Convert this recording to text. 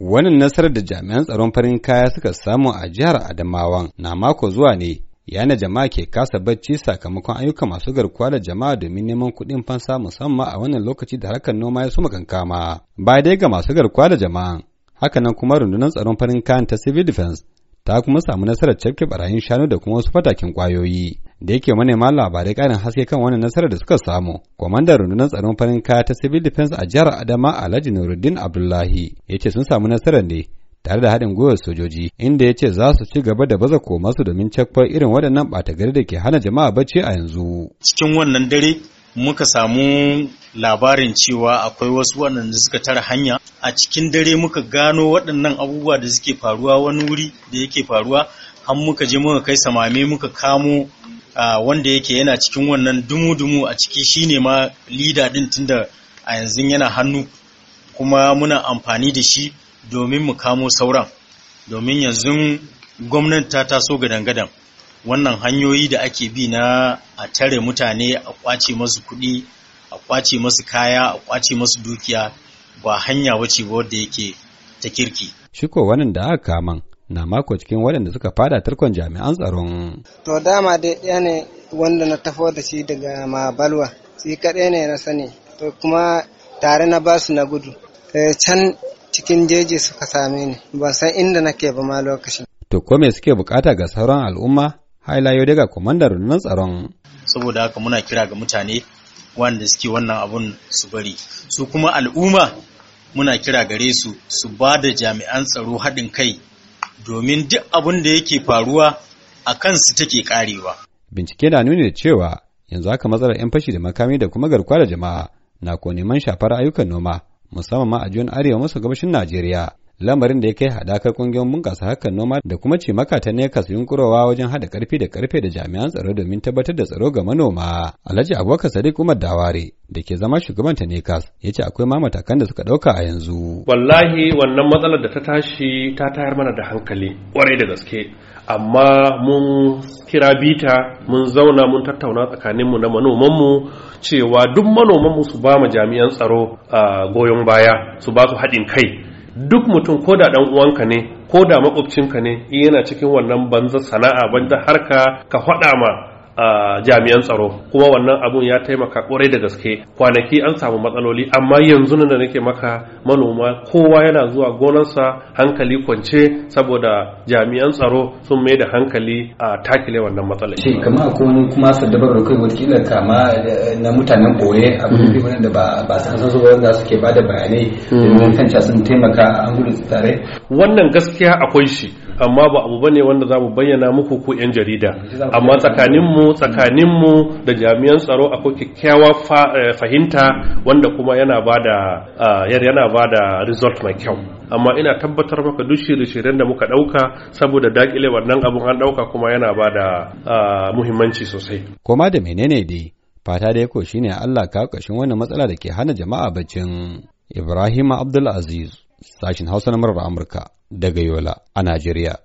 Wannan nasarar da jami'an tsaron farin kaya suka samu a jihar Adamawan na mako zuwa ne yana jama'a ke kasa bacci sakamakon ayyuka masu garkuwa da jama'a domin neman kuɗin fansa musamman a wannan lokaci da harkar noma ya suma kankama. Ba dai ga masu garkuwa da jama'a, haka nan kuma rundunar tsaron farin kayan ta civil defense ta kuma samu nasarar cafke barayin shanu da kuma wasu fatakin kwayoyi. da yake manema labarai karin haske kan wannan nasarar da suka samu kwamandan rundunar tsaron farin kaya ta civil defense a jihar adama alhaji nuruddin abdullahi ya ce sun samu nasarar ne tare da haɗin gwiwar sojoji inda ya ce za su ci gaba da baza komasu domin cakfar irin waɗannan ɓata gari da ke hana jama'a bacci a yanzu cikin wannan dare muka samu labarin cewa akwai wasu waɗanda suka tara hanya a cikin dare muka gano waɗannan abubuwa da suke faruwa wani wuri da yake faruwa an muka je muka kai samame muka kamo wanda yake yana cikin wannan dumu-dumu a ciki shi ne ma lida din tunda a yanzu yana hannu kuma muna amfani da shi domin mu kamo sauran domin yanzu gwamnati ta so gadan-gadan wannan hanyoyi da ake bi na a tare mutane a kwace masu kuɗi a kwace masu kaya a kwace masu dukiya ba hanya wace wadda yake ta kirki. Shiko wannan da aka kaman na mako cikin waɗanda suka fada tarkon jami'an tsaron. To dama dai ɗaya ne wanda na tafo da shi daga Mabalwa, shi kaɗai ne na sani, to kuma tare na basu na gudu. Eh, can cikin jeji suka same ni, ban san inda nake ba ma lokacin. To ko suke bukata ga sauran al'umma? Hailayo daga kwamandar rundunar tsaron. Saboda haka muna kira ga mutane wanda suke wannan abun su bari. Su kuma al'umma muna kira gare su su ba da jami'an tsaro haɗin kai domin duk abin da yake faruwa a kansu take karewa. Bincike na nuni da cewa yanzu haka matsalar 'yan fashi da makami da kuma garkuwa da jama'a na ko neman shafar ayyukan noma musamman ma a arewa maso gabashin Najeriya. lamarin da ya kai hadakar kungiyoyin bunkasa hakan noma da kuma maka ta ne kasu yunkurowa wajen haɗa karfi da karfe da jami'an tsaro domin tabbatar da tsaro ga manoma alhaji abubakar sadiq umar daware da ke zama shugaban ta nekas ya ce akwai ma matakan da suka ɗauka a yanzu wallahi wannan matsalar da ta tashi ta tayar mana da hankali kwarai da gaske amma mun kira bita mun zauna mun tattauna tsakaninmu na manomanmu cewa duk manomanmu su ba ma jami'an tsaro ah, goyon baya su ba su haɗin kai duk mutum ko da dan uwanka ne ko da makwabcinka ne yana cikin wannan banza sana'a banza harka ka faɗa ma a jami'an tsaro kuma wannan abun ya taimaka kwarai da gaske kwanaki an samu matsaloli amma yanzu da nake maka manoma kowa yana zuwa gonarsa hankali kwance saboda jami'an tsaro sun mai da hankali a takile wannan matsala shi kama ko kuma saddabar da kai kama eh, na mutanen boye abin da ba san san su wanda suke ba da bayanai hmm. domin kanta sun taimaka an gudu tare wannan gaskiya akwai shi amma ba abu bane wanda za mu bayyana muku ko yan jarida amma tsakaninmu mu tsakaninmu da jami'an tsaro akwai kyakkyawa eh, fahimta wanda kuma yana bada eh, yana bada result mai kyau amma ina tabbatar maka duk shirye-shiryen da muka dauka saboda dakile wannan abun an dauka kuma yana bada eh, muhimmanci sosai koma da menene dai fata da yako shine Allah ka kashin wannan matsala da ke hana jama'a baccin Ibrahim Abdul Aziz sashin Hausa na murar Amurka daga Yola a Najeriya